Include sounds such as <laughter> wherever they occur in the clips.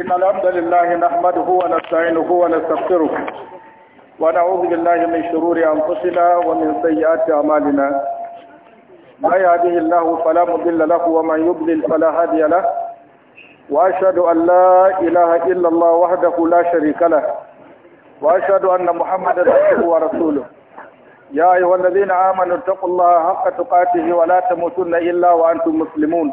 إن الحمد لله نحمده ونستعينه ونستغفره ونعوذ بالله من شرور أنفسنا ومن سيئات أعمالنا ما يهده الله فلا مضل له ومن يضلل فلا هادي له وأشهد أن لا إله إلا الله وحده لا شريك له وأشهد أن محمدا عبده ورسوله يا أيها الذين آمنوا اتقوا الله حق تقاته ولا تموتن إلا وأنتم مسلمون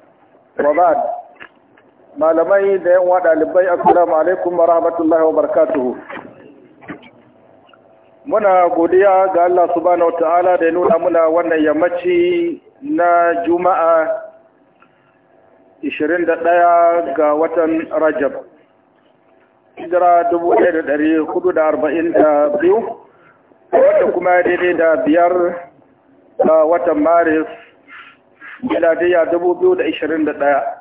Wabad, malamai da yan ɗalibai, Assalamu alaikum wa rahmatullahi wa barakatuhu. Muna godiya ga Allah subhanahu wa ta'ala da ya nuna muna wannan yammaci na Juma'a 21 ga watan Rajab. Hijira 1442, wata kuma daidai da biyar ga watan Maris miladiyya ɗaya.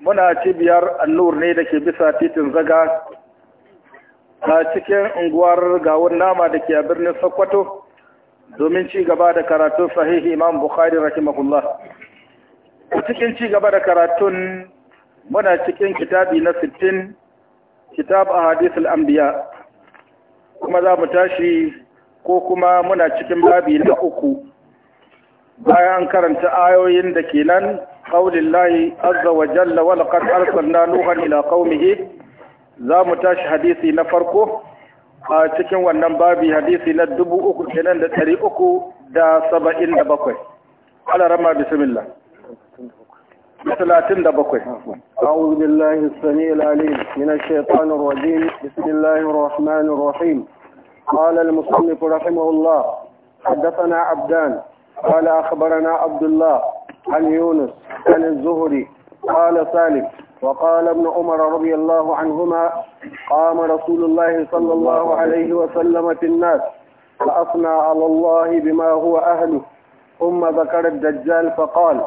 muna cibiyar annur ne da ke bisa titin zaga a cikin unguwar gawun nama da ke a birnin sokoto domin ci gaba da karatun sahihi imam bukhari rahimahullah a cikin ci gaba da karatun muna cikin kitabi na sittin, kitab a hadisul anbiya kuma za mu tashi ko kuma muna cikin babi na uku bayan karanta ayoyin da ke nan ƙaunin layi azza wa jalla na ila ƙaunihi za mu tashi hadisi na farko a cikin wannan babi hadisi na dubu uku kenan da ɗari uku da saba'in da bakwai ala rama bismillah ثلاثين دبقوي أعوذ بالله السميع العليم من قال أخبرنا عبد الله عن يونس عن الزهري قال سالم وقال ابن عمر رضي الله عنهما قام رسول الله صلى الله عليه وسلم في الناس فأثنى على الله بما هو أهله ثم ذكر الدجال فقال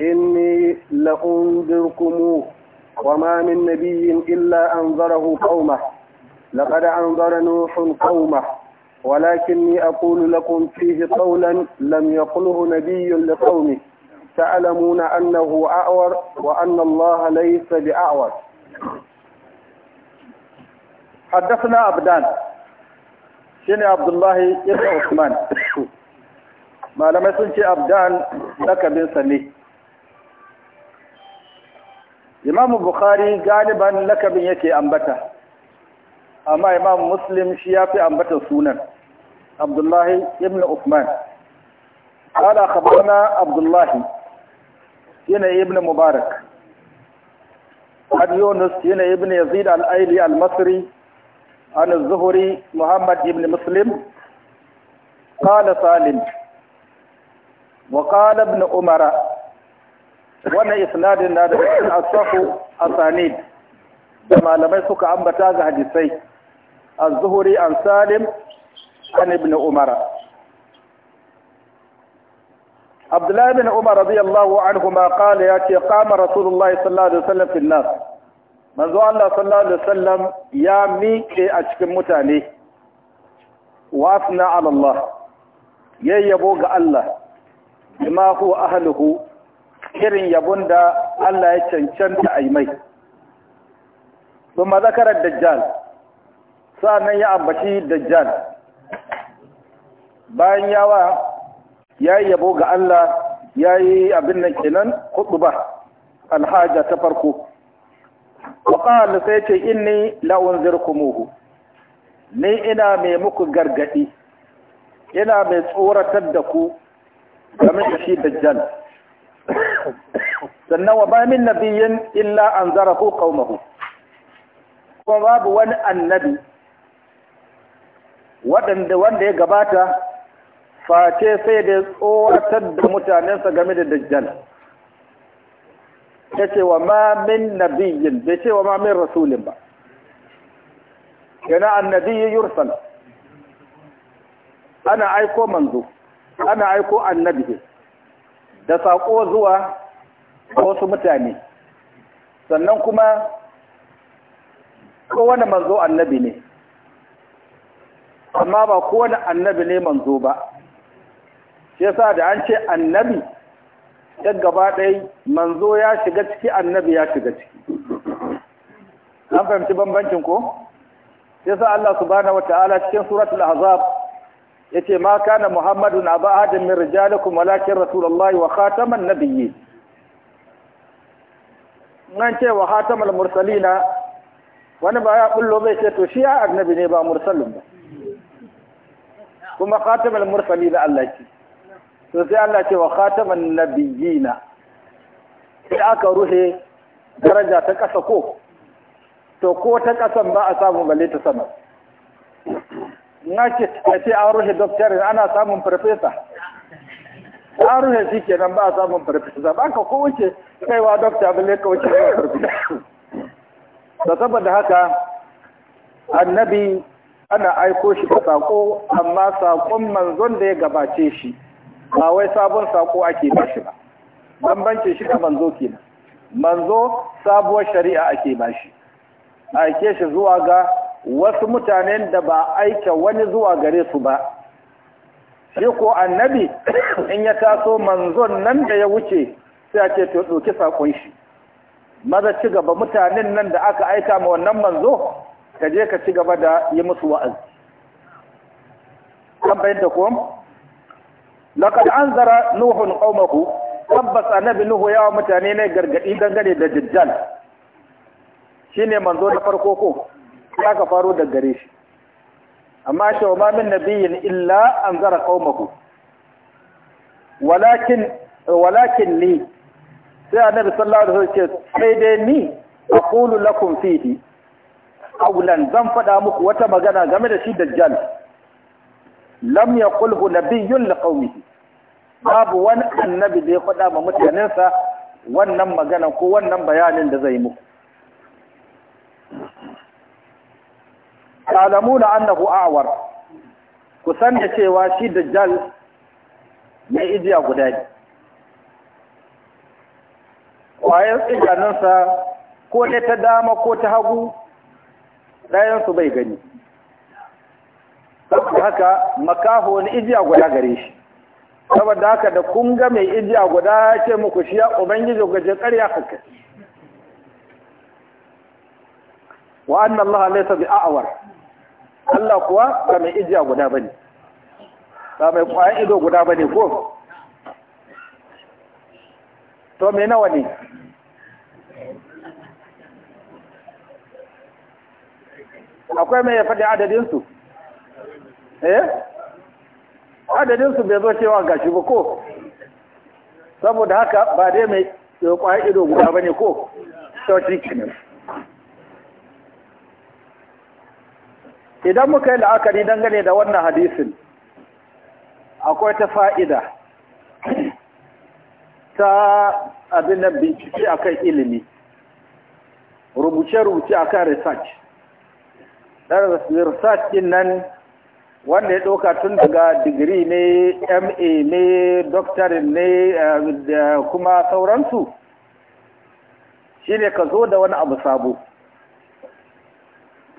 إني لأنذركموه وما من نبي إلا أنذره قومه لقد أنذر نوح قومه ولكني أقول لكم فيه قولا لم يقله نبي لقومه تعلمون أنه أعور وأن الله ليس بأعور حدثنا أبدان شيني عبد الله ابن عثمان ما لم يسلش أبدان لك بن سلي إمام البخاري غالبا لك بن يكي أنبته amma imam muslim shi ya fi ambata sunan abdullahi ibn Uthman. ala abdullahi yana ibn mubarak Yunus yana ibn yazid al-aili al-masri an zuhuri muhammad ibn muslim qala salim wa qala ibn umara wannan isnadin na da cikin asafu asanid da malamai suka ambata ga hadisai az-Zuhri an Salim an Ibn Umar Abdullah ibn Umar radiyallahu anhu ma ya ce qama Rasulullahi sallallahu alaihi wasallam fil nas Allah sallallahu alaihi ya miƙe a cikin mutane wa asna ala Allah yayyabo ga Allah bima huwa ahluhu irin yabon da Allah ya cancanta a mai. Buma zakarar Dajjal, nan ya ambaci dajjal bayan yawa ya yi yabo ga Allah ya yi abin nan kenan ba, alhaja ta farko wa qala sai ce inni la unzirkumuhu ni ina mai muku gargaɗi ina mai tsoratar da ku game da shi dajjal sannan wa bamin min nabiyyin illa anzarahu qaumahu kuma babu wani annabi waɗanda wanda ya gabata face sai da ya tsoratar da mutanensa game da dajjal ya ce wa ma min nabiyyin bai ce wa ma min rasulin ba yana annabiyyi yursal ana aiko manzo ana aiko annabi da saƙo zuwa wasu mutane sannan kuma kowane manzo annabi ne amma ba kowane annabi ne manzo ba shi yasa da an ce annabi ya gaba ɗaya manzo ya shiga ciki annabi ya shiga ciki an fahimci bambancin ko sai sa Allah subhanahu wataala cikin suratul ahzab yace ma kana muhammadun aba ahadin min rijalikum walakin rasulullahi wa khataman nabiyyi nan ce wa khatamal mursalina wani ba ya bullo bai ce to shi ya annabi ne ba mursalin ba kuma khatamul mursali da Allah ce to sai Allah ce wa khataman nabiyina sai aka ruhe daraja ta ƙasa ko to ko ta ƙasan ba a samu balle ta sama na ce ta ce an ruhe doktorin ana samun farfesa an ruhe shi nan ba a samun farfesa ba ka kowace kaiwa dokta balle ka wuce da saboda haka annabi ana aiko shi da sako amma sakon manzon da ya gabace shi ba wai sabon sako ake bashi ba bambancin shi da manzo kenan manzo sabuwar shari'a ake bashi aike shi zuwa ga wasu mutanen da ba aika wani zuwa gare su ba shi ko annabi <coughs> in ya taso manzon nan da ya wuce sai ake to ɗauki sakon shi maza ci gaba mutanen nan da aka aika ma wannan manzo ka je ka ci gaba da yi musu wa'azi kan bayyana ko an zara nuhun qaumahu tabbas annabi nuhu ya mutane ne gargadi dangane da dajjal shine manzo na farko ko ya ka faro da gare shi amma shi wa min nabiyyin illa anzara qaumahu walakin walakin ni sai annabi sallallahu alaihi wasallam ce sai dai ni aqulu lakum fihi qawlan zan faɗa muku wata magana game da shi dajjal lam yaqulhu nabiyyun liqaumihi babu wani annabi da ya faɗa ma mutanensa wannan magana ko wannan bayanin da zai muku ta'lamuna annahu a'war ku san da cewa shi dajjal mai ijiya guda ne kwayar idanunsa ko ne ta dama ko ta hagu ɗayansu bai gani saboda haka makaho ni ijiya guda gare shi saboda haka da kun ga mai ijiya guda ce muku shi ya ubangiji gaje ƙarya haka wa annan laha laisa bi a'awar Allah kuwa ba mai ijiya guda bane ba mai ƙwayan ido guda bane ko to me nawa ne akwai mai ya faɗi adadinsu eh adadinsu bai zo cewa shi ba ko saboda haka ba dai mai ƙwaya ido guda ba ne ko sautin idan muka yi la'akari dangane da wannan hadisin akwai ta fa'ida ta abin da bincike akan ilimi rubuce-rubuce akan research ɗan research ɗin nan wanda ya ɗauka tun daga digiri ne ma ne doctorate ne eh, da kuma sauransu shi ne ka zo da wani abu sabo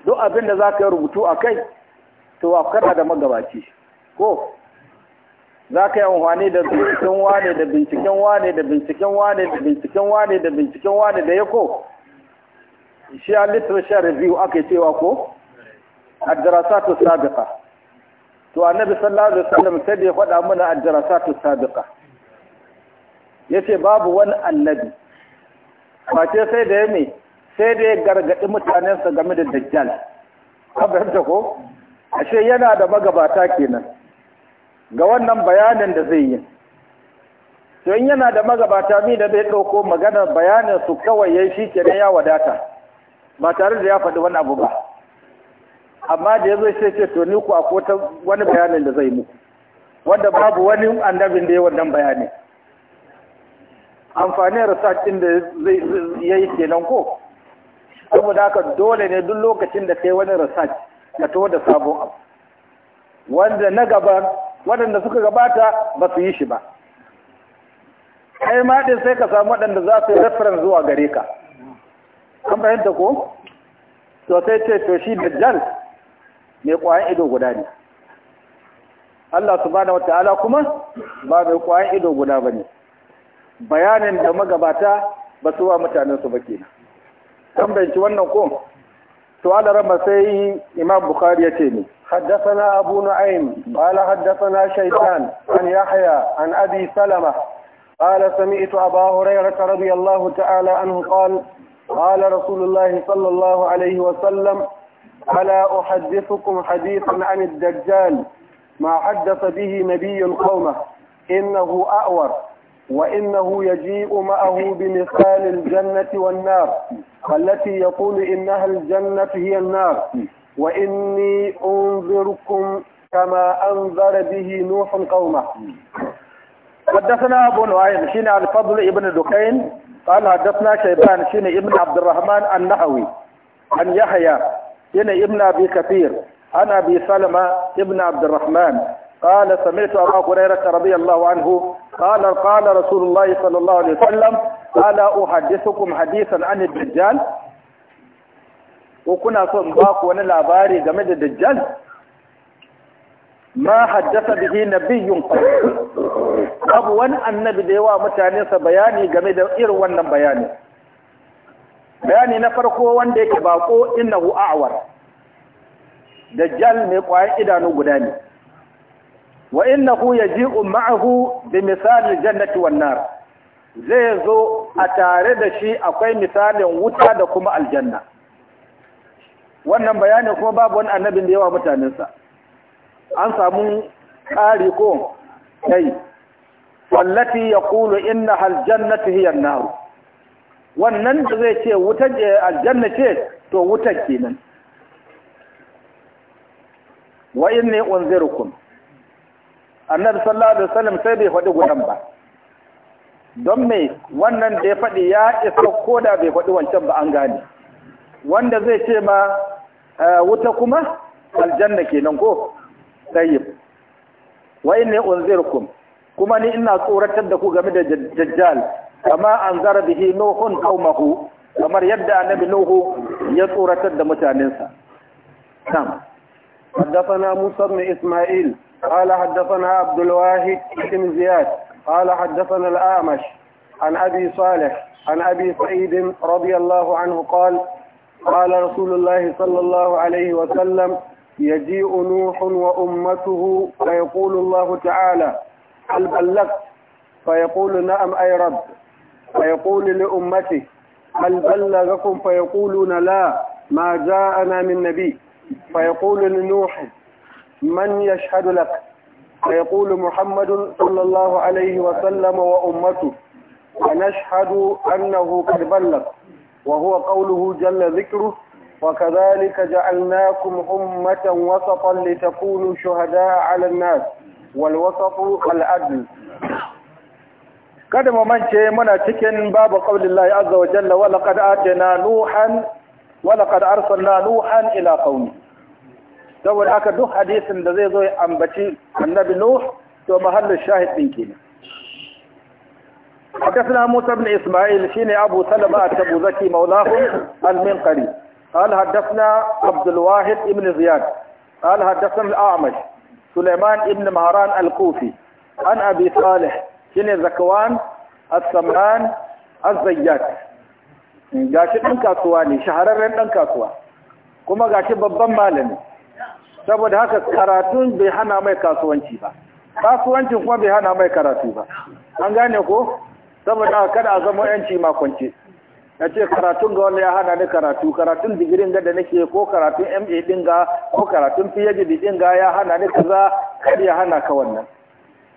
duk abin da za ka yi rubutu a kai to a kana da magabaci ko za ka yi amfani da binciken wane da binciken wane da binciken wane da binciken wane da binciken wane da ya ko shi a literature review aka yi cewa ko addarasatu sabiqa to annabi sallallahu alaihi wasallam sai ya faɗa mana addarasatu sabiqa yace babu wani annabi face sai da ya sai da ya gargaɗi mutanensa game da dajjal da ko ashe yana da magabata kenan ga wannan bayanin da zai yi to in yana da magabata mi da bai ɗauko maganar bayanin su kawai yayi shi kenan ya wadata ba tare da ya faɗi wani abu ba amma da ya zai sai ce to ni ku akwai wani bayanin da zai muku wanda babu wani annabin da ya wannan bayanin amfanin research ɗin da zai yayi kenan ko saboda haka dole ne duk lokacin da kai wani research ka to da sabon abu wanda na gaba waɗanda suka gabata ba su yi shi ba kai ma din sai ka samu waɗanda za su yi reference zuwa gare ka an fahimta ko to sai ce to shi da jal. mai ƙwayan ido guda ne Allah subhanahu wata'ala kuma ba mai ƙwayan ido guda ba ne bayanin da magabata ba su wa mutanensu ba kenan tambayanci wannan ko sai رب سي إمام بخاري يتيني حدثنا أبو نعيم قال حدثنا شيطان an يحيى عن أبي سلمة قال سمعت أبا هريرة رضي الله تعالى عنه قال قال رسول الله صلى الله عليه وسلم فلا أحدثكم حديثا عن الدجال ما حدث به نبي قومه إنه أأور وإنه يجيء معه بمثال الجنة والنار التي يقول إنها الجنة هي النار وإني أنذركم كما أنذر به نوح قومه حدثنا أبو نعيم شين عن فضل ابن دكين قال حدثنا شيبان شين ابن عبد الرحمن النحوي عن يحيى هنا ابن أبي كثير أنا أبي سلمة ابن عبد الرحمن قال سمعت أبا هريرة رضي الله عنه قال قال رسول الله صلى الله عليه وسلم ألا أحدثكم حديثا عن الدجال وكنا son ba ku wani labari game da dajjal ma haddasa bihi nabiyyun abu wani annabi da yawa mutane sa bayani game da irin wannan bayani bayani na farko wanda yake bako innahu a'war dajjal mai kwayan idanu guda ne wa innahu yaji'u ma'ahu bi misalin jannati wan nar zai zo a tare da shi akwai misalin wuta da kuma aljanna wannan bayanin kuma babu wani annabin da yawa mutanensa an samu ƙari ko kai wallati yaqulu innaha aljannatu hiya an-nar wannan da zai ce wuta eh, aljanna ce to wutar kenan wa inni unzirukum annabi sallallahu alaihi wasallam sai bai faɗi gudan ba don me wannan da ya faɗi ya isa koda bai faɗi wancan ba an gane wanda zai ce ma eh, wuta kuma aljanna kenan ko tayyib wa inni unzirukum kuma ni ina tsoratar da ku game da dajjal kama an zara bihi nuhun kaumahu kamar yadda annabi nuhu ya tsoratar da mutanensa kam haddathana musa bin isma'il qala haddathana abdul wahid ibn ziyad qala haddathana al-amash an abi salih an abi sa'id radiyallahu anhu qala قال رسول الله صلى الله عليه وسلم يجيء نوح وأمته فيقول الله تعالى هل بلغت فيقول نعم أي رب فيقول لأمته هل بلغكم فيقولون لا ما جاءنا من نبي فيقول لنوح من يشهد لك فيقول محمد صلى الله عليه وسلم وأمته ونشهد أنه قد بلغ وهو قوله جل ذكره وكذلك جعلناكم أمة وسطا لتكونوا شهداء على الناس والوسط العدل kada mu mance muna cikin babu qaulillahi azza wa jalla wa laqad atana nuhan wa laqad arsalna nuhan ila qaumi saboda haka duk hadisin da zai zo ya ambaci annabi nuh to mahallin shahid din kenan حدثنا موسى بن إسماعيل شين أبو سلمة أبو زكي مولاهم المنقري قال حدثنا عبد الواحد بن زياد قال حدثنا الأعمش سليمان بن مهران الكوفي عن أبي صالح shine zakawan as-samran az-zayyat gashi ɗan kasuwa ne shahararren ɗan kasuwa kuma gashi babban malami saboda haka karatun bai hana mai kasuwanci ba kasuwancin kuma bai hana mai karatu ba an gane ko saboda kada a zama yanci makonce Ya ce karatun ga wanda ya hana ni karatu karatun digirin ga da nake ko karatun ma din ko karatun phd din ga ya hana ni kaza kada ya hana ka wannan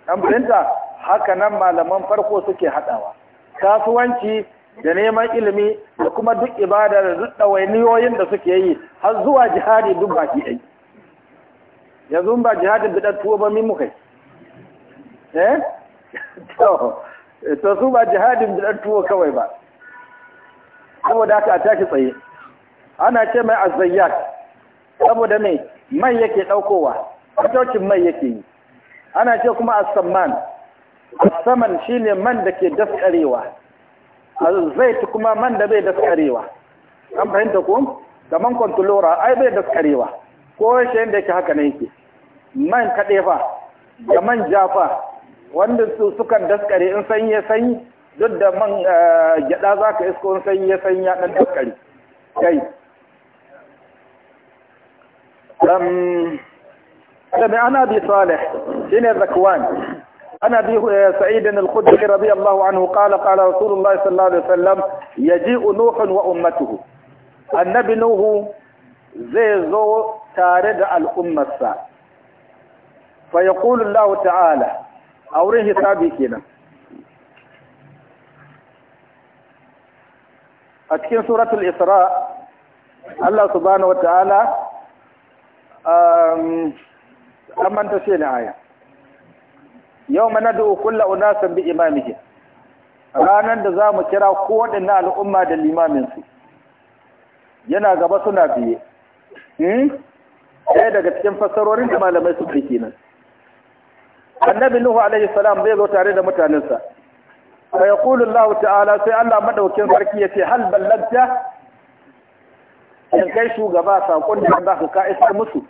an fahimta haka nan malaman farko suke haɗawa kasuwanci da neman ilimi da kuma duk ibada da duk ɗawainiyoyin da suke yi har zuwa jihadi duk baki ɗai yanzu ba jihadin bidan tuwo ba min muka eh to su ba jihadin bidan tuwo kawai ba saboda haka a tashi tsaye ana ce mai azzayyak saboda mai mai yake ɗaukowa fatocin mai yake yi ana ce kuma a saman, a saman shine man da ke daskarewa ta kuma man da bai daskarewa an fahimta ko man kontulora ai bai daskarewa ko shi yadda yake haka ne yake man kadefa da man jafa wanda su sukan daskare in sanyi ya sanyi duk da man eh, gyada za ka isko in sanyi ya sanyi ya dan daskare kai أنا أبي صالح بن ذكوان أنا أبي آه، سعيد الخدري رضي الله عنه قال قال رسول الله صلى الله عليه وسلم يجيء نوح وأمته النبي نوح زي زو تارد الأمة الساعة فيقول الله تعالى أوريه سابقنا أتكين سورة الإسراء الله سبحانه وتعالى أم an manta sai na aya yau mana da una san bi imamihi ranar da za mu kira kowaɗanne al'umma da limaminsu yana gaba suna biye hmm? ɗaya daga cikin fassarorin da malamai su fi kenan annabi nuhu alaihi salam bai zo tare da mutanensa fa yaqulu allah ta'ala sai allah madaukin sarki yace hal ballagta in kai shugaba sakon da za ka isar musu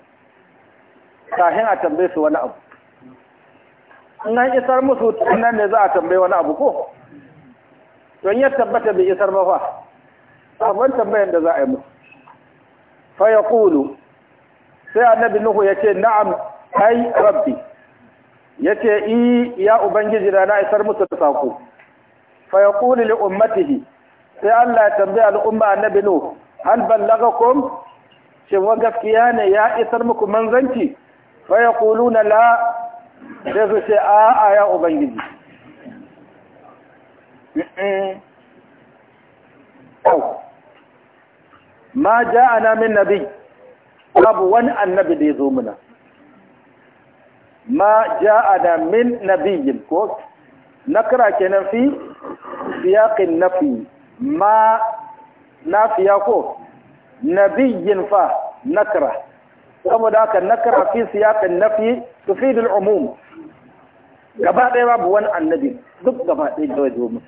kafin a tambaye su wani abu in an isar musu tunan ne za a tambaye wani abu ko don ya tabbata bai isar ba fa sabon tambayar da za a yi musu fa ya kulu sai annabi nuhu ya ce na'am ai rabbi ya ce i ya ubangiji da na isar musu da saku. fa ya kulu li ummatihi sai Allah ya tambaye al'umma annabi nuhu ballaga kom, shin wa gaskiya ne ya isar muku manzanci Kulu na la sai su ce a a ya ubangiji ma a min nabi babu wani annabi da ya zo muna ma ja ja'ana min yin ko na nakira kenan fi na nafi ma nafiya ko yin fa na kira saboda haka nakara fi siyaqin nafi tufid al-umum gaba ɗaya babu wani annabi duk gaba ɗaya da zo musu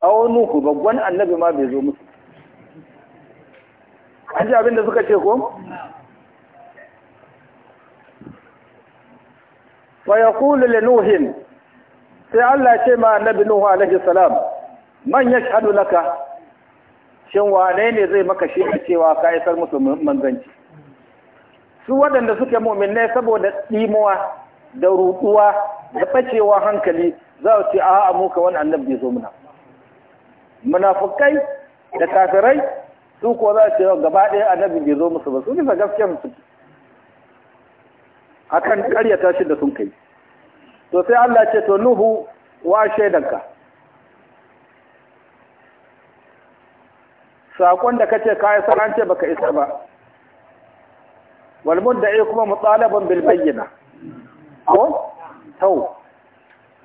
a wani ku babban annabi ma bai zo musu an ji abin da suka ce ko wa yaqulu li nuhin sai Allah ce ma annabi nuhu alaihi salam man hadu laka shin wane ne zai maka shi cewa ka isar musu manzanci su waɗanda suke ne saboda ɗimuwa da ruɗuwa da ɓacewa hankali za su ce a'a mu ka wani bai zo muna munafukai da kafirai su ko za su ce gaba ɗaya annabin bai zo musu ba su bisa musu. su kan ƙaryata shi da sun kai to sai Allah ce to nuhu wa shaidanka sakon da kace ka yi an ce baka isa ba wal mudda'i kuma mutalabun bil bayyana. ko tau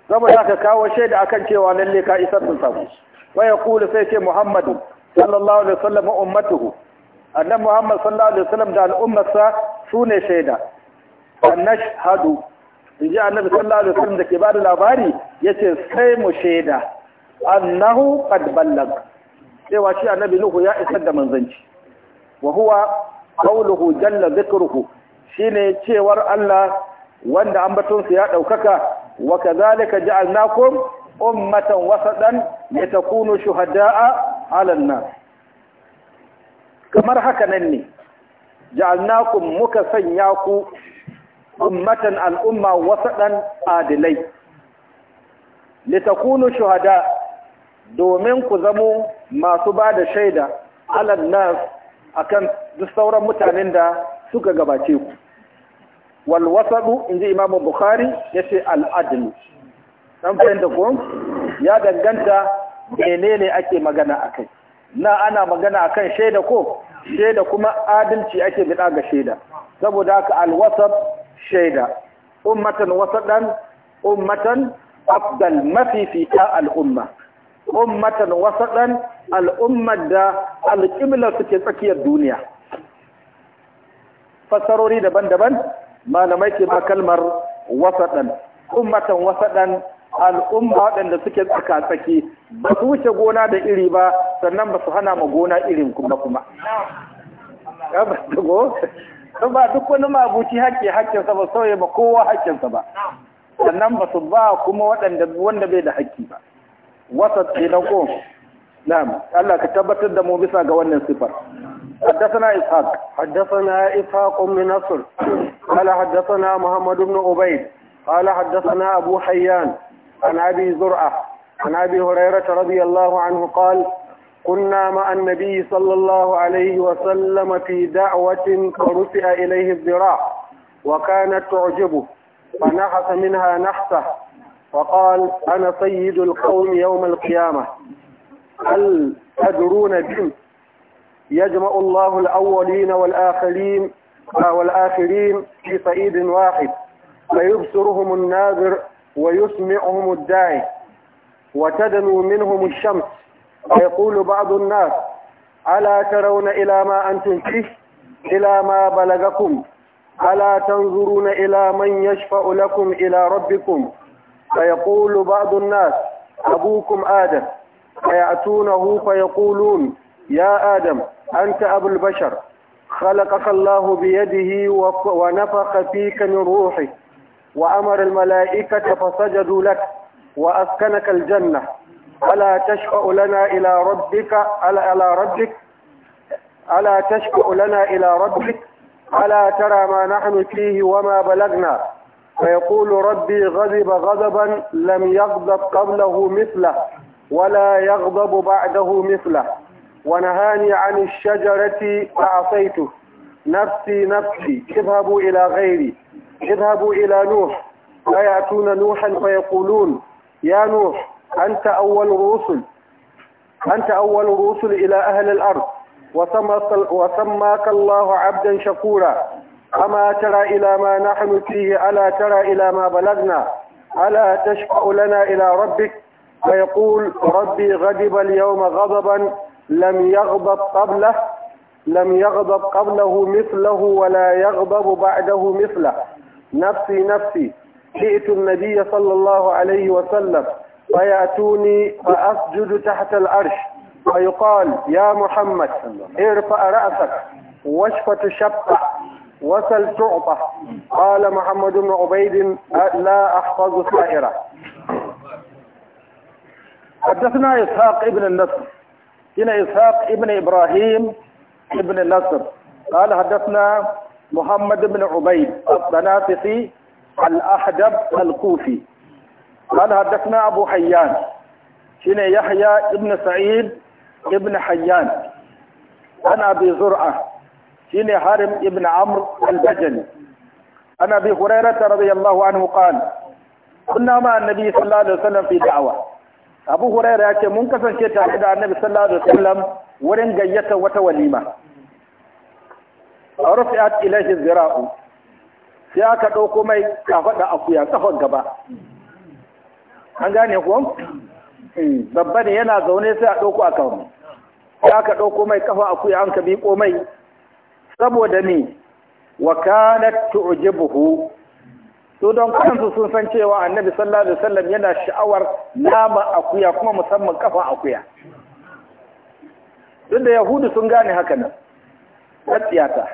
saboda ka kawo shaida akan cewa lalle ka isar da sako wa yaqulu sai ce muhammadu sallallahu alaihi wasallam ummatuhu annabi muhammad sallallahu alaihi wasallam da al'ummarsa sune shaida annashhadu inji annabi sallallahu alaihi wasallam da ke bada labari yace sai mu shaida annahu cewa shi annabi nuhu ya isar da manzanci wa huwa Kauluhu jalla zikruhu shine cewar Allah wanda ambatonsa ya ɗaukaka wa kazalika ja'alnakum ummatan wasadan litakunu shuhada'a 'ala an-nas kamar haka nan ne ja'alnakum muka sanya ku ummatan al'umma wasadan adilai litakunu shuhada domin ku zamo masu ba da shaida 'ala an-nas akan duk sauran mutanen da suka gabace ku wal wasadu inji imamu bukhari yace al adl dan fahimta ko ya danganta menene ake magana akai na ana magana akan shaida ko shaida kuma adalci ake bida ga shaida saboda haka al shaida ummatan wasadan ummatan afdal mafifita al umma ummatan wasadan al'ummar da alƙibla suke tsakiyar duniya fassarori daban-daban malamai ke ma kalmar wasaɗan ummatan wasaɗan al'umma waɗanda suke tsaka-tsaki ba su wuce gona da iri ba sannan ba su hana ma gona irin kuma kuma ba duk wani mabuci haƙƙi haƙƙinsa ba sauye ba kowa haƙƙinsa ba sannan ba su ba kuma waɗanda wanda bai da haƙƙi ba wasa tsinan ko na'am Allah ka tabbatar da mu bisa ga wannan sifar حدثنا إسحاق حدثنا إسحاق بن نصر قال حدثنا محمد بن عبيد قال حدثنا أبو حيان عن أبي زرعة عن أبي هريرة رضي الله عنه قال كنا مع النبي صلى الله عليه وسلم في دعوة فرسئ إليه الذراع وكانت تعجبه فنحس منها نحسه وقال أنا سيد القوم يوم القيامة هل تدرون بهم يجمع الله الأولين والآخرين آه، والآخرين في صعيد واحد فيبصرهم الناظر ويسمعهم الداعي وتدنو منهم الشمس ويقول بعض الناس ألا ترون إلى ما أنتم فيه إلى ما بلغكم ألا تنظرون إلى من يشفع لكم إلى ربكم فيقول بعض الناس أبوكم آدم فيأتونه فيقولون يا آدم أنت أبو البشر خلقك الله بيده ونفخ فيك من روحه وأمر الملائكة فسجدوا لك وأسكنك الجنة ألا تشفأ لنا إلى ربك ألا, إلى ربك ألا تشفأ لنا إلى ربك ألا ترى ما نحن فيه وما بلغنا فيقول ربي غضب غضبا لم يغضب قبله مثله ولا يغضب بعده مثله ونهاني عن الشجرة فعصيته نفسي نفسي اذهبوا إلى غيري اذهبوا إلى نوح فيأتون نوحا فيقولون يا نوح أنت أول الرسل أنت أول الرسل إلى أهل الأرض وسماك الله عبدا شكورا أما ترى إلى ما نحن فيه ألا ترى إلى ما بلغنا ألا تشفع لنا إلى ربك فيقول ربي غضب اليوم غضبا لم يغضب قبله لم يغضب قبله مثله ولا يغضب بعده مثله نفسي نفسي جئت النبي صلى الله عليه وسلم فيأتوني فأسجد تحت العرش فيقال يا محمد ارفع رأسك واشفة شبع وسل تعطى قال محمد بن عبيد لا أحفظ سائرة حدثنا إسحاق ابن النصر إن إسحاق ابن إبراهيم ابن النصر قال حدثنا محمد بن عبيد الطنافسي الأحدب الكوفي قال حدثنا أبو حيان هنا يحيى ابن سعيد ابن حيان أنا أبي زرعة هنا هارم ابن عمرو البجلي أنا أبي هريرة رضي الله عنه قال كنا مع النبي صلى الله عليه وسلم في دعوة abu huraira ya ce mun kasance tare da annabi sallallahu alaihi wasallam wurin gayyata wata walima rufi'at ilaihi zira'u sai aka ɗauko mai kafaɗa akuya kafan gaba an gane ko hmm, babba ne yana zaune sai a ɗauko a mu sai aka ɗauko mai kafa akuya an ka bi mai saboda ni wa kanat tu'jibuhu to don kansu sun san cewa annabi sallallahu alaihi wasallam yana sha'awar nama akuya kuma musamman kafa akuya duk da yahudu sun gane haka nan tsiyata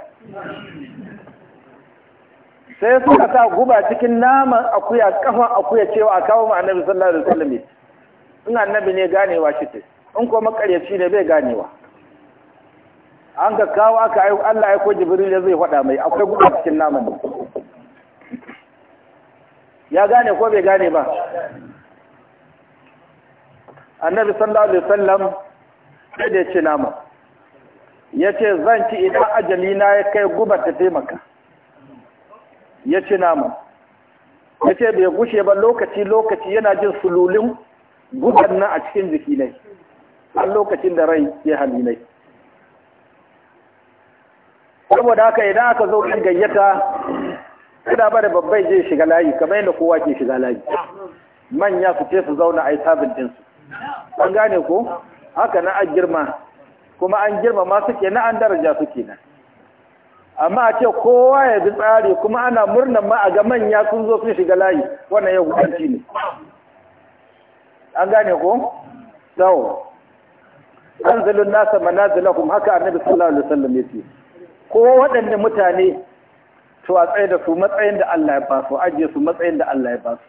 sai suka sa guba cikin naman akuya kafa akuya cewa a kawo annabi sallallahu alaihi wasallam in annabi ne ganewa shi ce in ko makaryaci ne bai ganewa an ga kawo aka Allah ya ko jibril ya zai faɗa mai akwai guba cikin naman ne ya gane ko bai gane ba annabi sallallahu alaihi wasallam sai da ce nama ya zan ci idan ajali na ya kai guba ta taimaka ya ci nama yace ce bai gushe ba lokaci-lokaci yana jin sululin gudan nan a cikin jiki ne har lokacin da rai ya hali ne saboda haka idan aka zo gayyata kada ba da babbai zai shiga layi kamar yadda kowa ke shiga layi manya su ce su zauna a yi sabin ɗinsu an gane ko haka na an girma kuma an girma ma suke na an daraja suke nan amma a ce kowa ya bi tsari kuma ana murnan ma a ga manya sun zo sun shiga layi wannan ya hukunci ne an gane ko sau anzalun nasa manazilahum haka annabi sallallahu alaihi wasallam ce ko waɗanne mutane su a tsaye da su matsayin da Allah ya ba su ajiye su matsayin da Allah ya ba su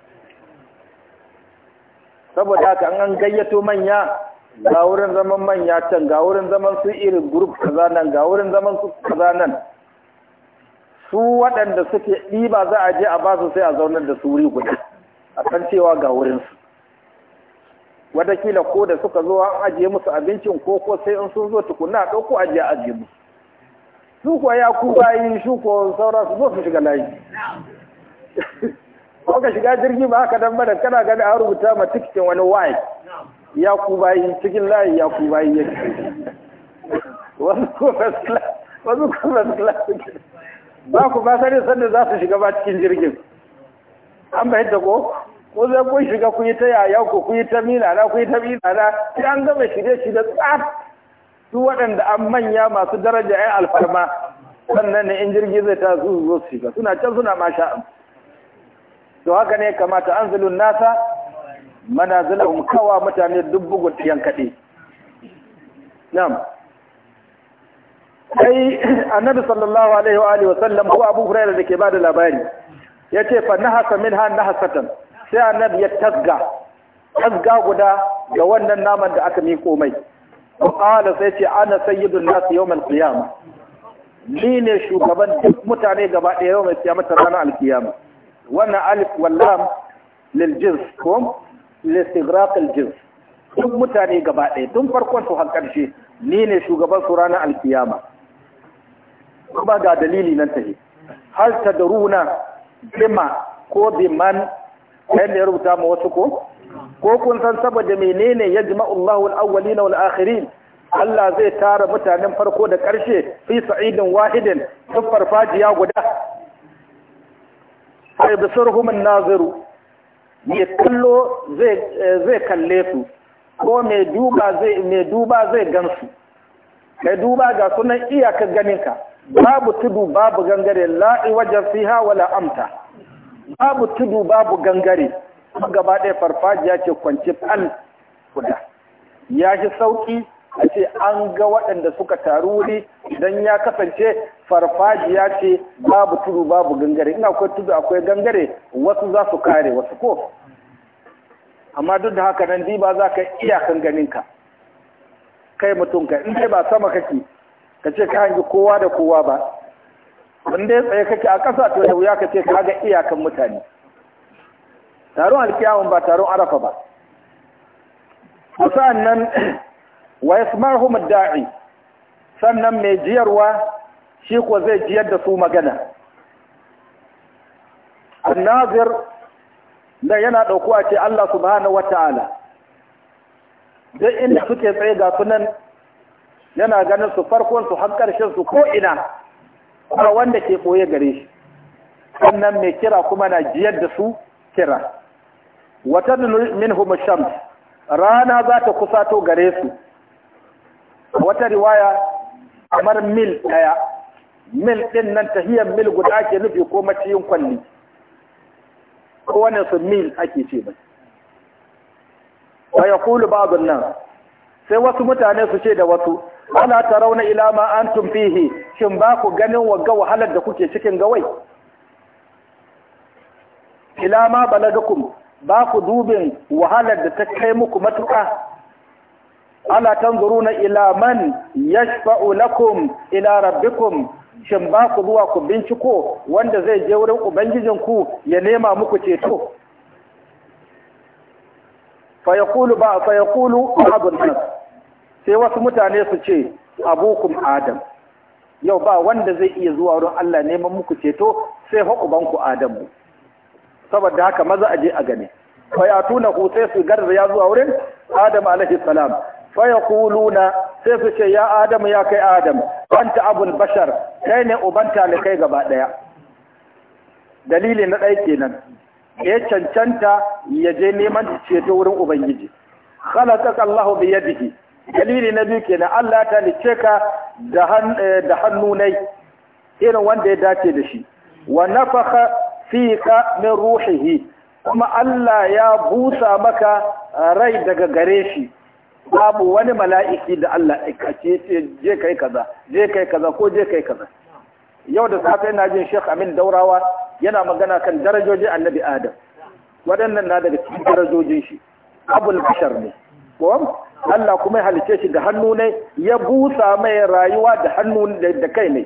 saboda haka an gayyato manya ga wurin zaman manya can ga wurin zaman su irin group kaza nan ga wurin zaman su kaza nan su waɗanda suke ɗi ba za a je a ba sai a zaunar da su wuri guda a san cewa ga wurinsu Wadakila ko da suka zo an ajiye musu abincin ko ko sai in sun zo tukuna ɗauko ajiye ajiye musu su kuwa ya ku bayi su ko saura su zo su shiga layi ka shiga jirgi ba haka dan bada kana gani a rubuta ma tikitin wani wai ya ku bayi cikin layi ya ku bayi ya wasu wani first class first class ba ku ba sani sanda za su shiga ba cikin jirgin an bai da ko ko zai kun shiga ku yi ta yaya ku ku yi ta mila na ku yi ta mila na sai an gama shirye shirye tsaf su waɗanda an manya masu daraja ya alfarma sannan ne in jirgi zai ta su zo su ga suna can suna masha to haka ne kamata an zulun nasa manazilahum kawa mutane dubbugun ɗiyan kaɗe nam sai annabi sallallahu alaihi wa alihi sallam ko abu hurairah da ke ba da labari ya ce fa nahasa minha nahasatan sai annabi ya tasga tasga guda ga wannan naman da aka miko mai qala sai ce ana sayyidun nasu yau mai qiyama ni ne shugaban duk mutane gaba ɗaya yau mai qiyama ta ranar alkiyama. wannan alif wallam lil jins ko lil istighraq jins duk mutane gaba ɗaya tun farkon su har ƙarshe ni ne shugaban su ranar alkiyama. kuma ga dalili nan ta yi hal ta da runa, bima ko biman yadda ya rubuta ma wasu ko ko kun san saboda menene ya jima'ullahu al'awwalina wal akhirin Allah zai tara mutanen farko da ƙarshe fi sa'idin wahidin su farfajiya guda sai bisurhum an-naziru mai kallo zai kalle su ko mai duba zai gansu kai duba ga sunan iyaka ganinka babu tudu babu gangare la'i wajen fiha wala amta babu tudu babu gangare kuma gaba ɗaya farfajiya ce kwance an guda ya shi sauƙi a ce an ga waɗanda suka taru wuri don ya kasance farfajiya ce babu tudu babu gangare ina akwai tudu akwai gangare wasu za su kare wasu ko amma duk da haka nan diba za ka iyakan ganinka kai mutum ka in dai ba sama kake ka ce ka hangi kowa da kowa ba in dai tsaye kake a ƙasa to da wuya ka ce ka ga iyakan mutane taron alkiyamun ba taron arafa ba sa'annan wa yasma'uhum ad-da'i sannan mai jiyarwa shi ko zai jiyar da su magana annazir da yana ɗaukuwa ce Allah subhanahu wata'ala duk inda suke tsaye ga sunan yana ganin su farkon su har ƙarshen su ko ina kuma wanda ke koye gare shi sannan mai kira kuma na jiyar da su kira wata minhum shams rana za ta to gare su wata riwaya kamar mil daya mil ɗin nan tahiyar mil guda ke nufi ko maciyin kwalli kowane su mil ake ce mai ya kulu ba'dun nan sai wasu mutane su ce da wasu ana tarauna ila ma antum fihi shin ba ku ganin wagga wahalar da kuke cikin gawai ila ma balagakum ba ku dubin wahalar da ta kai muku matuƙa ala tanzuruna ila man yashfa'u lakum ila rabbikum shin ba ku zuwa ku binciko wanda zai je wurin ubangijinku ya nema muku ceto fa ba fa yaqulu a sai wasu mutane su ce abukum adam yau ba wanda zai iya zuwa wurin Allah neman muku ceto sai fa adamu saboda haka maza a je a gani faya tuna ku sai su garza ya zuwa wurin adam alaihi salam ku luna sai su ce ya adam ya kai adam anta abun bashar kai ne uban talikai gaba daya dalili na ɗaya kenan ya cancanta ya je neman ceto wurin ubangiji khalaqaka Allahu bi yadihi dalili na biyu kenan Allah ta lice ka eh, da hannu nai irin wanda ya dace da shi wa nafakha fika min ruhihi kuma Allah ya busa maka rai daga gare shi babu wani mala'iki da Allah ce je kai kaza je kai kaza ko je kai kaza yau da safe na jin Sheikh Amin Daurawa yana magana kan darajoji Annabi Adam waɗannan na daga cikin darajojin shi abul bashar ne ko Allah kuma ya halice shi da hannu ne ya busa mai rayuwa da hannu da kai ne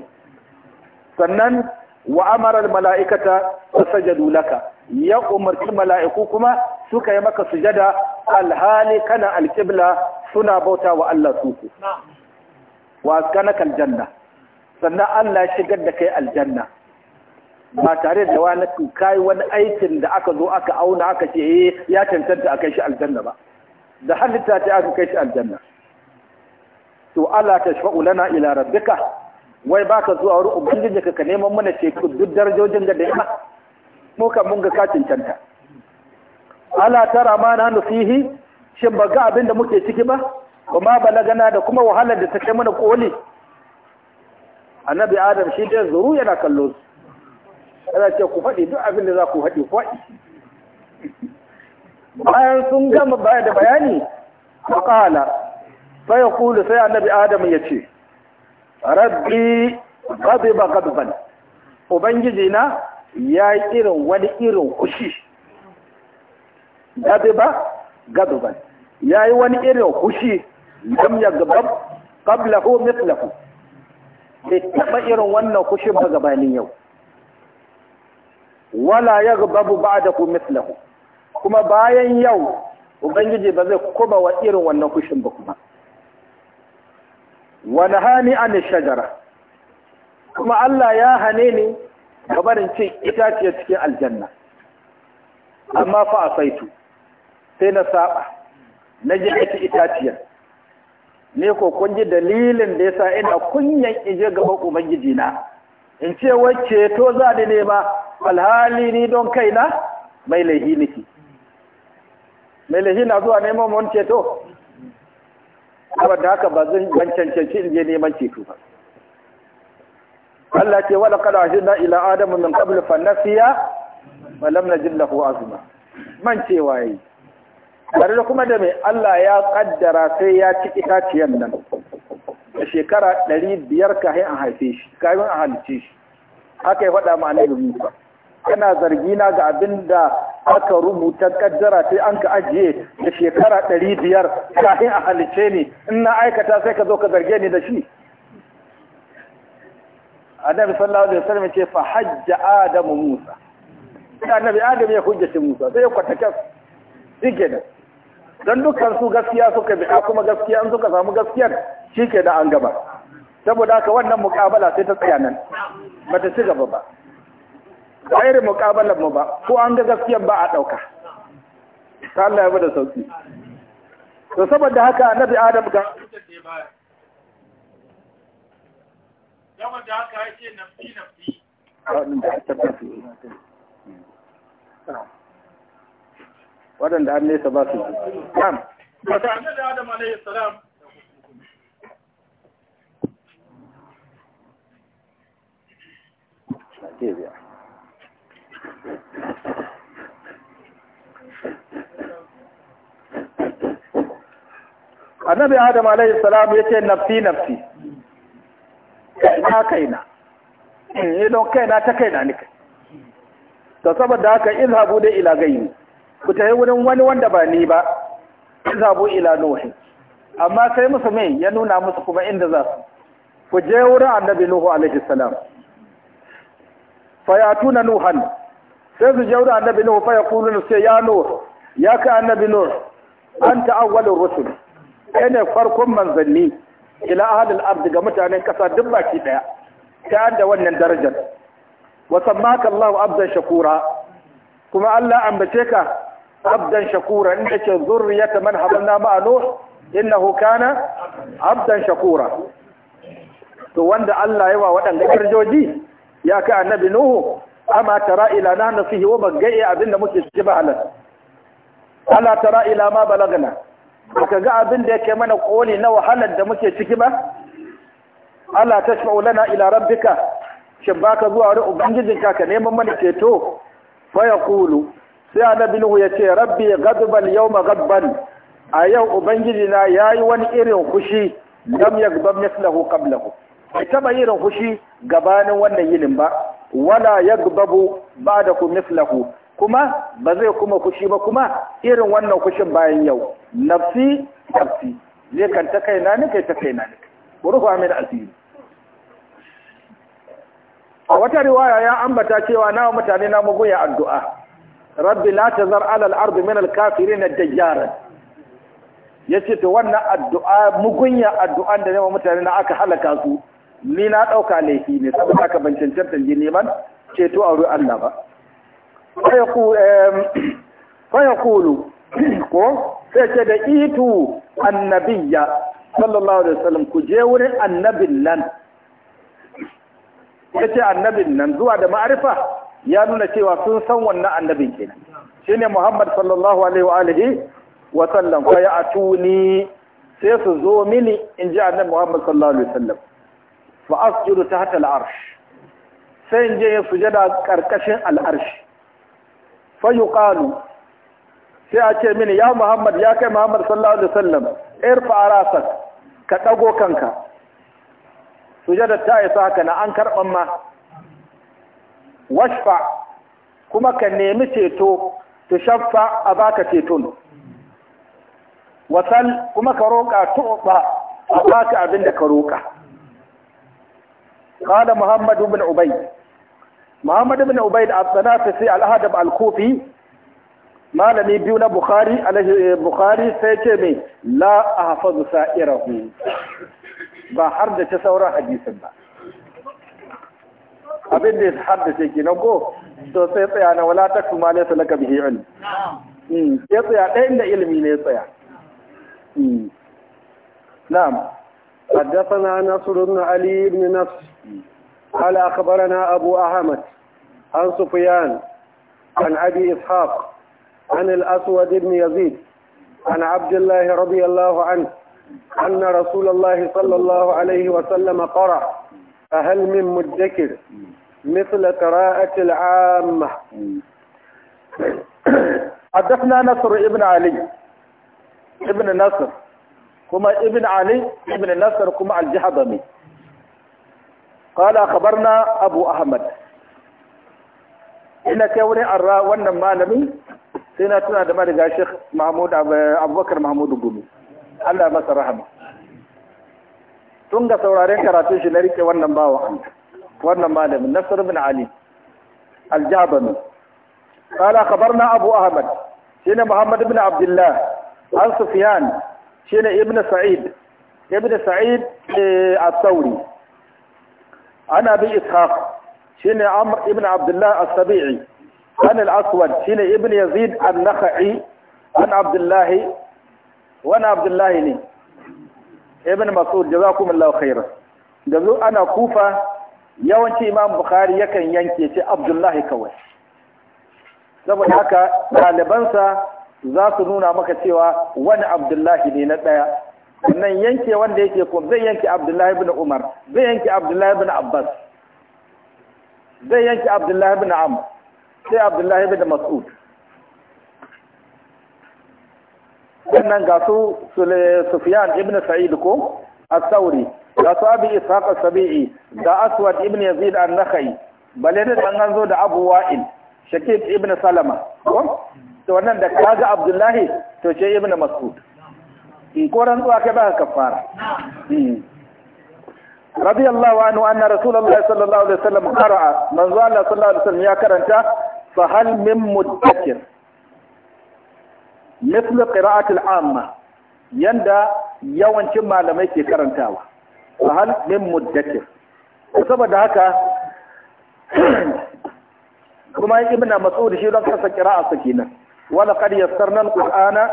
sannan wa mala'ikata su sajadu laka ya umarci mala'iku kuma suka yi maka sujada alhali kana alkibla suna bauta wa Allah su ku wa askanaka janna? sannan Allah ya shigar da kai aljanna ba tare da wani kai wani aikin da aka zo aka auna aka ce eh ya cancanta a kai shi aljanna ba da halitta ta aka kai shi aljanna to Allah ta shafa ulana ila rabbika wai ba ka zuwa wurin ubangiji ka ka neman mana teku duk darajojin da yawa? mu kan mun ga ka cancanta ala tara ma na nufihi shin ba ga abin da muke ciki ba kuma balagana da kuma wahalar da ta kai mana koli annabi adam shi dai zuru yana kallo su yana ce ku faɗi duk abin da za ku faɗi ku faɗi bayan sun gama baya da bayani fa qala fa yaqulu sai annabi adam ya ce rabbi ghadiba ghadban ubangiji na ya yi irin wani irin kushi ghadiba ban ya yi wani irin kushi lam yaghdab qablahu mithlahu bai taɓa irin wannan kushin ba gabanin yau wala ya babu ba da ku mislahu kuma bayan yau ubangiji ba zai kuma wa irin wannan kushin ba kuma wani hani an shajara kuma Allah ya hane ni gabarin cin itaciya cikin aljanna amma fa a saitu sai na saba na je ita itaciyar ne ko kun ji dalilin da yasa ina kunyan ije gaban ubangiji na in ce wacce to za ni nema alhali ni don kaina mai laihi niki mai lahi na zuwa neman mun ceto saboda haka ba zan ban cancanci in je neman ceto ba Allah ce wala qad ajidna ila Adamu min qabl fa nasiya wa lam najid lahu azma man ce waye bare da kuma da mai Allah ya kaddara sai ya ci itaciyan nan A shekara 500 kafin a haife shi kafin a halice shi haka yi faɗa ma annabi Musa kana zargina ga abin da aka rubuta kaddara sai an ka ajiye da shekara ɗari biyar kafin a halice ni in na aikata sai ka zo ka zarge ni da shi annabi sallallahu alaihi wasallam ce fa hajja adamu musa annabi adam ya shi musa sai ya Sike da, dan dukkan su gaskiya suka bi kuma gaskiya an suka samu gaskiyar da an gaba saboda haka wannan muƙabala sai ta tsaya nan bata ci gaba ba ba irin muƙabalar mu ba ko an ga gaskiyar ba a ɗauka ta Allah ya bada sauki to saboda haka annabi adam ga saboda haka waɗanda an nesa ba su Wata annabi Adam alaihi salam annabi adam alaihi salam ya ce nafsi nafsi ta kaina eh, eh don kaina ta kaina ne to saboda haka izhabu da ila gaini ku tayi wurin wani wanda ba ni ba izhabu ila nuhi amma sai musu mai ya nuna musu kuma inda za su ku je wurin annabi nuhu alaihi salam fayatuna nuhan sai su je wurin annabi nuhu fa yaquluna sai ya nuh ya ka annabi nuh anta awwalur rusul ɗaya ne farkon manzanni ila ahalil ardi ga mutanen ƙasa duk baki ɗaya ta da wannan darajar Wasan maka Allahu abdan shakura kuma Allah ambace ka abdan shakura inda ce zurriyata man hamalna ma'a nuh innahu hukana abdan shakura to wanda Allah ya wa waɗanda karjoji ya ka annabi nuhu amma tara ila nahnu fihi wa bagai abinda muke cikin ba Ala tara ila ma balagana baka ga abin da yake mana koli na wahalar da muke ciki ba Allah ta shafa lana ila rabbika shin baka zuwa wurin ubangijin ka ka neman mana ceto fa Kulu. sai annabi nuhu ce rabbi ghadba al-yawma ghadban a yau ubangiji na yayi wani irin kushi lam yaghdab mithlahu qablahu bai taba irin kushi gabanin wannan yinin ba wala yaghdab ku mislahu kuma ba zai kuma kushi ba kuma irin wannan kushin bayan yau nafsi nafsi zai kan ta kaina ni kai ta kaina ni ruhu amin asiri a wata riwaya ya ambata cewa nawa mutane na muguya addu'a rabbi la tazar alal al-ard min al-kafirin ad-dajjara yace to wannan addu'a mugunya addu'an da ne mutane na aka halaka su ni na ɗauka laifi ne saboda aka ban jini neman ceto a ruwan Allah ba fayakulu ko sai ce da itu annabiya sallallahu alaihi wasallam ku je wurin annabin nan ya ce annabin nan zuwa da ma'arifa ya nuna cewa sun san wannan annabin ke. Shi ne Muhammad sallallahu alaihi wa sallam. wa sallam fa sai su zo mini in ji annabi Muhammad sallallahu alaihi wasallam fa asjudu tahta al-arsh sai in je sujada karkashin al-arsh fayuqalu sai a ce mini ya Muhammad ya kai Muhammad sallallahu alaihi wasallam irfa rasak ka dago kanka sujada ta isa haka na an karban ma washfa kuma ka nemi ceto to shaffa a baka ceton wasal kuma ka roƙa tuɓa a baka abinda ka roka قال محمد بن عبيد Muhammadu bin Muhammad ibn Ubayd as-Sanafisi al ba al-Kufi malami biyu na Bukhari alaihi eh, Bukhari sai ce mai la hafazu sa'irahu ba har da ta sauran hadisin ba abin da har da ki na ko, to sai tsaya na wala ta kuma ne su laka bihi ilmi hmm, ya tsaya ɗaya inda ilimi ne ya tsaya hmm. na'am حدثنا na بن علي بن نصر قال أخبرنا أبو أحمد عن سفيان عن أبي إسحاق عن الأسود بن يزيد عن عبد الله رضي الله عنه أن رسول الله صلى الله عليه وسلم قرأ فهل من مدكر مثل قراءة العامة <coughs> حدثنا نصر ابن علي ابن نصر كما ابن علي ابن نصر كما الجحضمي قال أخبرنا أبو أحمد ina kai wurin arra wannan malami sai na tuna da mariga Sheikh Mahmud Abubakar Mahmud Gumi Allah masa rahama tun sauraren karatun shi na rike wannan bawa wannan malami Nasr bin Ali Al-Jabani qala khabarna Abu Ahmad shine Muhammad bin Abdullah an Sufyan shine Ibn Sa'id Ibn Sa'id al-Thawri ana bi ishaq shine amr ibn abdullah as-sabi'i an al-aswad shine ibn yazid an-nakhai an abdullah wani abdullah ne ibn mas'ud jazakumullahu khairan da zo ana kufa yawanci imam bukhari yakan yanke ce abdullahi kawai saboda haka ɗalibansa za su nuna maka cewa wani abdullahi ne na ɗaya sannan yanke wanda yake ko zai yanke abdullahi ibn umar zai yanke abdullahi ibn abbas zai yanke abdullahi ibn am sai abdullahi ibn mas'ud sannan ga su sufyan ibn sa'id ko as-sauri ga su abi ishaq as-sabi'i ga aswad ibn yazid an-nakhai bale da an zo da abu wa'il shakib ibn salama ko to wannan da kaga abdullahi to ce ibn mas'ud in ko rantsuwa kai ba ka kafara رضي الله عنه أن رسول الله صلى الله عليه وسلم قرأ من الله صلى الله عليه وسلم يا كرنتا فهل من مدكر مثل قراءة العامة يندى يوان شما لما يكي كرنتاوا فهل من مدكر وسبب هكا كما ابن مسعود شيء لم تسكر سكينة ولقد يسرنا القرآن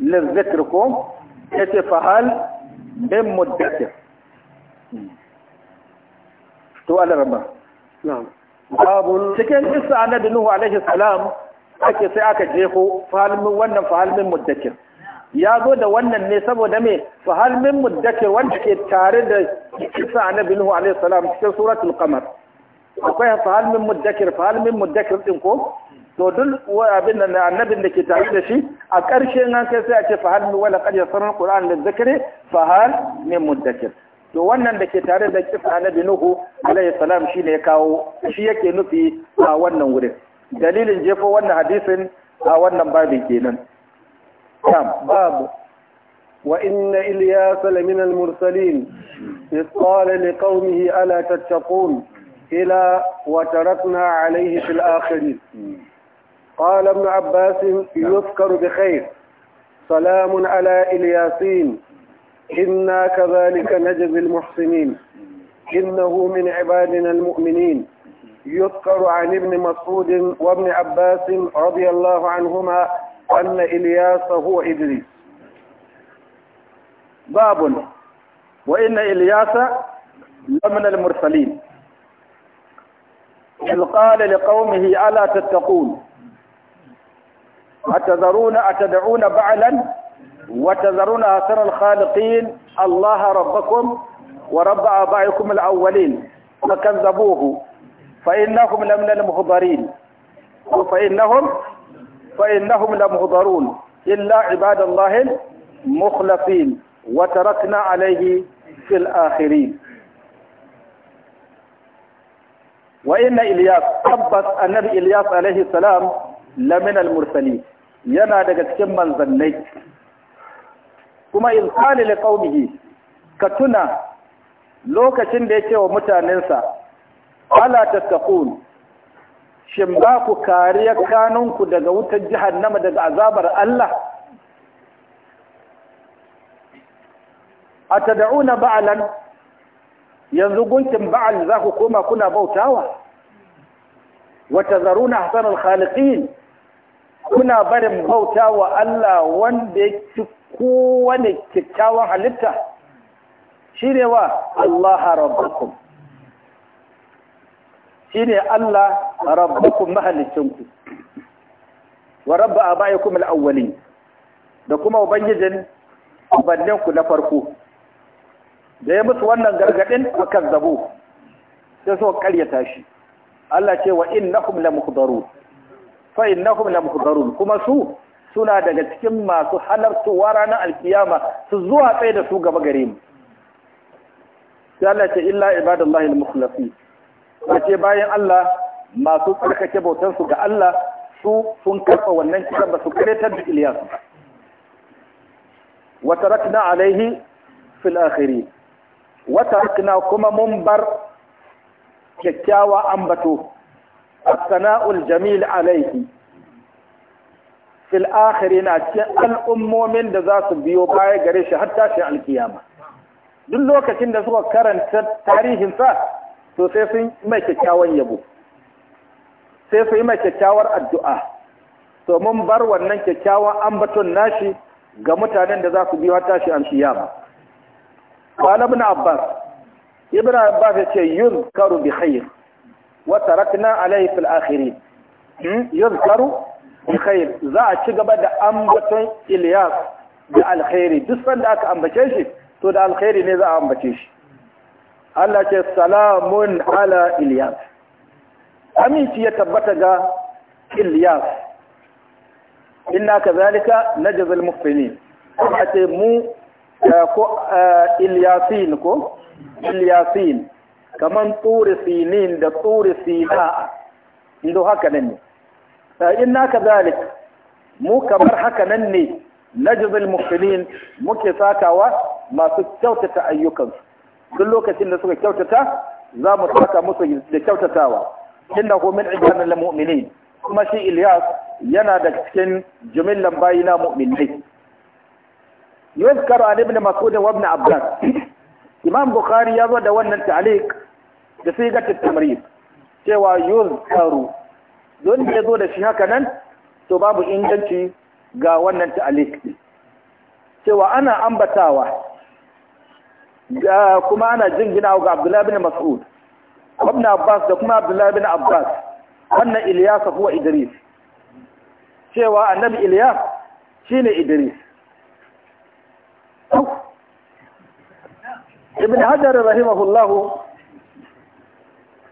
للذكركم ya ce fahal min muddatir to alarma babu cikin isa annabi nuhu alaihi salam ake sai aka jefo fahalmin wannan fahalmin muddatir ya zo da wannan ne saboda me fahalmin muddatir wanda ke tare da isa annabi nuhu alaihi salam cikin suratul qamar akwai fahalmin muddatir fahalmin muddatir din ko to duk abin da annabin da ke tare da shi a ƙarshe nan kai sai a ce fa min wala qad yasarna alquran lizikri fa hal min muddakir to wannan da ke tare da kisa annabi nuhu alayhi salam shine ya kawo shi yake nufi a wannan wurin dalilin jefo wannan hadisin a wannan babin kenan tam babu wa inna ilyasa lamina al-mursalin إذ قال لقومه ألا تتقون إلى وتركنا عليه في الآخرين قال ابن عباس يذكر بخير سلام على الياسين إنا كذلك نجزي المحسنين إنه من عبادنا المؤمنين يذكر عن ابن مسعود وابن عباس رضي الله عنهما أن إلياس هو إدريس باب وإن إلياس لمن المرسلين إذ قال لقومه ألا تتقون أتذرون أتدعون بعلا وتذرون أثر الخالقين الله ربكم ورب آبائكم الأولين فكذبوه فإنهم لمن المهضرين فإنهم فإنهم لمهضرون إلا عباد الله المخلصين وتركنا عليه في الآخرين وإن إلياس ثبت النبي إلياس عليه السلام laminal mursali yana daga cikin manzannai kuma in qala qaumihi ka tuna lokacin da yake wa mutanensa ala tattaqun shin ba ku kariya kanunku daga wutar jahannama daga azabar Allah atad'una ba'lan yanzu gunkin ba'al za ku koma kuna bautawa wa tazaruna ahsanal khaliqin kuna barin bauta wa Allah wanda ya ci kowane kyakkyawan halitta shi ne wa Allah rabbakum shi ne Allah rabbakum mahalicinku wa rabba a baya kuma al'awwali da kuma ubangijin ubanninku na farko da ya musu wannan gargaɗin kan zabo sai so ƙaryata shi Allah ce wa kuma la muhdarun fa innahum lamhdarun kuma su suna daga cikin masu halartowa ranar alkiyama su zuwa tsaye da su gaba gare mu Allah ce illa ibadallahi al Ya ce bayan Allah masu tsarkake bautansu ga Allah su sun karɓa wannan kiran ba su karetar da Ilyas ba wa tarakna alaihi fil Wata wa tarakna kuma mun bar kyakkyawa an bato. Asana'ul sanaul jamil alaihi fil na cikin al'ummomin da za su biyo baya gare shi har tashin alkiyama duk lokacin da suka karanta tarihinsa to sai sun mai kyakkyawan yabo sai su yi mai kyakkyawar addu'a to mun bar wannan kyakkyawan ambaton nashi ga mutanen da za su biyo har tashin alkiyama qala ibn abbas ibn abbas yace yuzkaru bi khair وتركنا عليه في الآخرين يذكر بخير za a ci gaba da ambaton Ilyas da alkhairi duk sanda aka ambace shi to da alkhairi ne za a ambace shi Allah ce salamun ala Ilyas aminci ya tabbata ga Ilyas inna kazalika najzal muhsinin a ce mu ko Ilyasin ko Ilyasin kaman turi sinin da turi sina ido haka nan ne fa inna kadhalik mu kamar haka nan ne najzul muhsinin muke sakawa masu kyautata ayyukansu duk lokacin da suka kyautata za mu saka musu da kyautatawa ko min na mu'minin kuma shi Ilyas yana da cikin jumillan bayina mu'minai yuzkaru nemi ibn mas'ud wa ibn abbas imam bukhari ya zo da wannan ta'liq da ga tattamari cewa karu. don da zo da shi haka nan to babu inganci ga wannan ta'alik cewa ana ambatawa da kuma ana jinginawa ga Abdullahi bin Mas'ud ibn Abbas da kuma Abdullahi bin Abbas wannan Ilyas huwa Idris cewa annabi Ilyas shine Idris Ibn Hajar rahimahullahu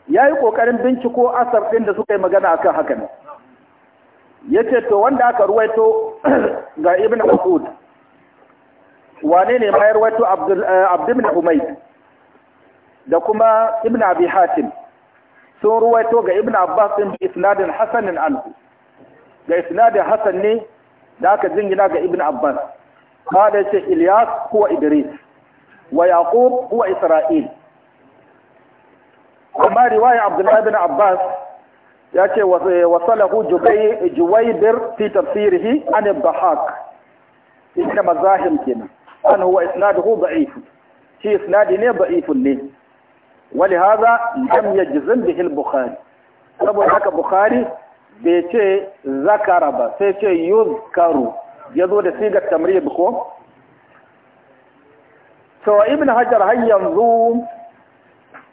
ya yi ƙoƙarin binciko asar ɗin da suka yi magana akan haka ne ya ce to wanda aka ruwaito <clears throat> ga ibn mas'ud wane ne ma ya ruwaito abdulmin eh, umai da kuma ibn abi hatim sun ruwaito ga ibn abbas ɗin isnadin Hassanin anhu ga isnadin Hassan ne da aka jingina ga ibn abbas kada ce ilyas kuwa idris wa yaqub kuwa isra'il amma riwaya abdullahi bin abbas ya ce wasalahu eh, juwaibir fi tafsirihi an ibdahak inna mazahim kenan an huwa isnaduhu da'if shi isnadi ne da'if ne wali hada lam yajzim bihi al-bukhari saboda haka bukhari bai ce zakara ba sai ce yuzkaru yazo da sigar tamrib ko to ibn hajar har yanzu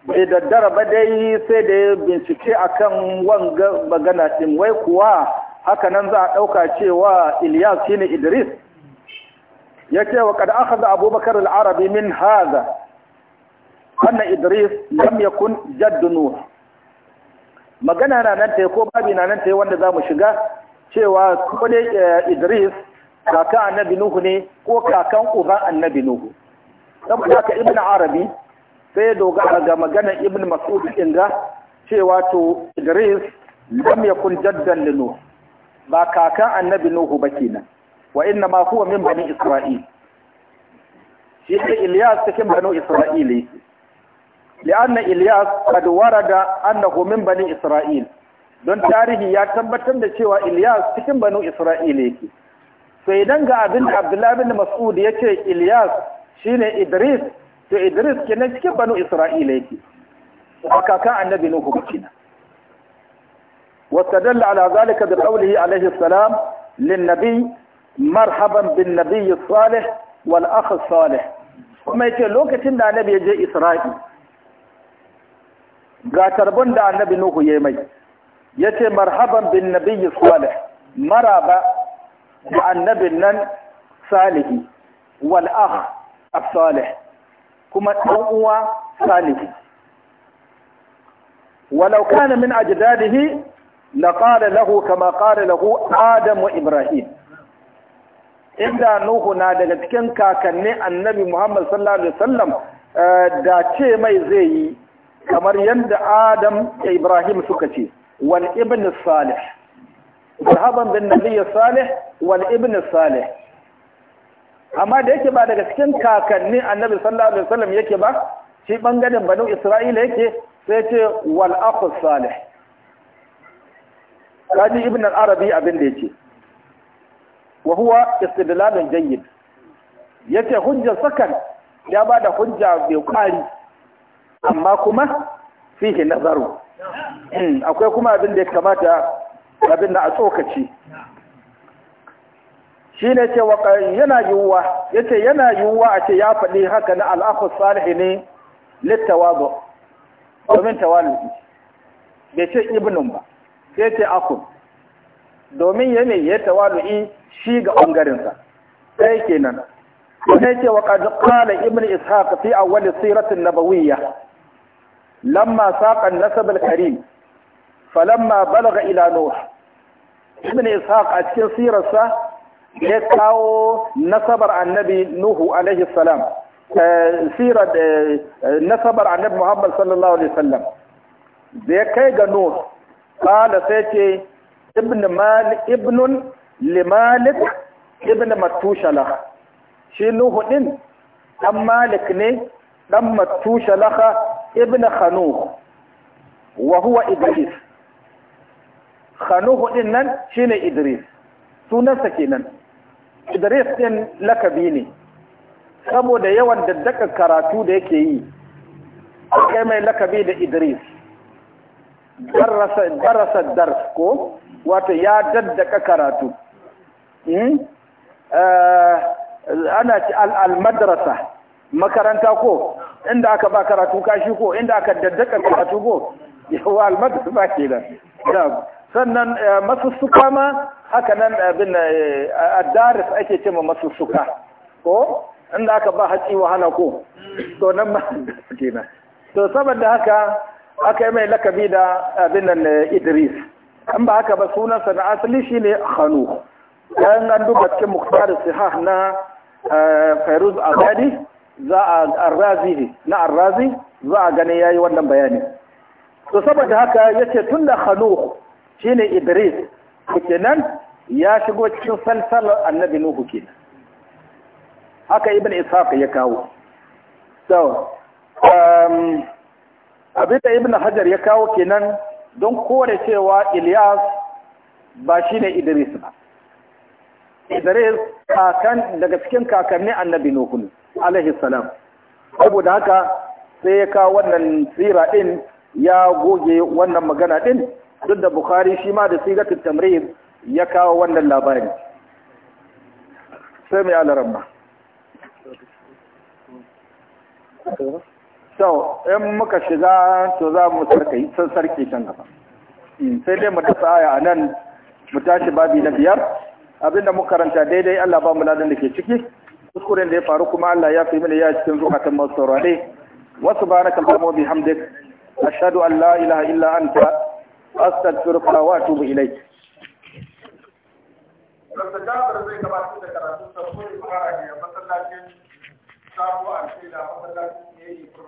bai daddara ba dai sai da ya bincike akan wanga magana ɗin wai kuwa hakanan za a ɗauka cewa Ilyas shine Idris ya ce wa kada aka za abubakar al'arabi min haza anna Idris lam yakun jaddu Nuh magana na nan ta ko babi na nan ta wanda za mu shiga cewa ko eh, Idris kaka annabi Nuhu ne ko kakan uban annabi Nuhu saboda ka ibn Arabi sai ya dogara ga magana ibn mas'ud din ga cewa to Idris lam yakun jaddan linu ba kakan annabi Nuhu ba kenan wa inna ma huwa min bani Isra'il shi ne Ilyas cikin bani li anna Ilyas qad warada annahu min bani Isra'il don tarihi ya tabbatar da cewa Ilyas cikin bani Isra'il yake sai dan ga abin Abdullahi bin Mas'ud yace Ilyas shine Idris to Idris kenan cikin banu Isra'ila yake ba kaka annabi Nuhu kenan واستدل على ذلك بقوله عليه السلام للنبي مرحبا بالنبي الصالح والأخ Salih, kuma yake lokacin da annabi ya je Isra'i ga tarbon da annabi Nuhu ya mai yace marhaban bin Nabi salih maraba da annabin nan salihi wal akh salih kuma ɗan uwa salihi walau kana min ajdadihi la qala lahu kama qala lahu adam wa ibrahim inda nuhu na daga cikin kakanni annabi muhammad sallallahu alaihi wasallam eh, da ce mai zai yi kamar yadda adam da ibrahim suka ce wal ibn salih bin nabiyyi salih wal ibn salih amma da yake ba daga cikin kakanni annabi sallallahu alaihi wasallam yake ba shi bangaren banu isra'ila yake sai ce wal akhu salih kaji ibn al-arabi abin da yake wa huwa istidlalun jayyid yace hujjar sakan ya ba da hujja mai kwari amma kuma fihi nazaru hmm, akwai kuma abin da ya kamata abin da a tsokaci shi ne ce wa yana yiwuwa ya ce yana yiwuwa a ce ya faɗi haka na al'akus salihi ne littawazo domin tawalibi bai ce ibnun ba sai ce akun domin ya ne ya tawalibi shi ga ɓangarensa sai kenan sai ce wa qala ibnu ishaq fi awwal siratin nabawiyya lamma saqa an karim falamma balaga ila nuh ibnu ishaq a cikin sirarsa ya kawo nasabar annabi Nuhu alaihi salam eh, sirar eh, nasabar annabi Muhammad sallallahu alaihi wasallam da ya kai ga Nuh kala sai ce Malik ibnun limalik ibn Matushala. shi Nuhu din dan Malik ne dan Matushalah ibn khanu wa huwa Idris khanu din nan shine Idris sunansa kenan Idris ɗin lakabi ne, saboda yawan daddaka karatu da yake yi, kai mai lakabi da Idris, darasa dars ko, wato ya daddaka karatu. Hmm? Eh, ana ci al'almadrasa, makaranta ko, inda aka ba karatu kashi ko, inda aka daddaka karatu ko, <laughs> yawa almadrasa ke da. sannan eh, masussuka ma haka nan eh, abin eh, addaris ake cema masussuka ko inda aka ba haci wahala ko to nan ma gina <laughs> to saboda haka aka yi mai lakabi da abin nan Idris an ba haka ba sunansa na asali shine Khanu dan an duba cikin Mukhtar Sihah na Fairuz Azadi za a arrazi na arrazi za a gani yayi wannan bayani to saboda haka yace tunda hannu shine Idris kenan ya shigo cikin salsalar annabi Nuhu kenan haka ibn Ishaq ya kawo so um abinda ibn Hajar ya kawo kenan don kore cewa Ilyas ba shine Idris ba Idris kakan daga cikin kakanni annabi Nuhu alaihi salam saboda haka sai ya kawo wannan tsira din ya goge wannan magana din duk da bukhari shi ma da sigatul tamrin ya kawo wannan labari sai mai ma sau in muka shiga to za mu sarkai sun sarki can gaba sai dai mu tsaya a nan mu tashi babi na biyar abinda mu karanta daidai Allah ba mu ladin da ke ciki kuskuren da ya faru kuma Allah ya fi mini ya cikin zukatan masu saurare wasu ba baraka Allahumma hamdik ashadu an la ilaha illa anta astaghfiruka wa tubu ilayk Dr. Jafar zai gabatar da karatun da fara ne masallacin sabuwar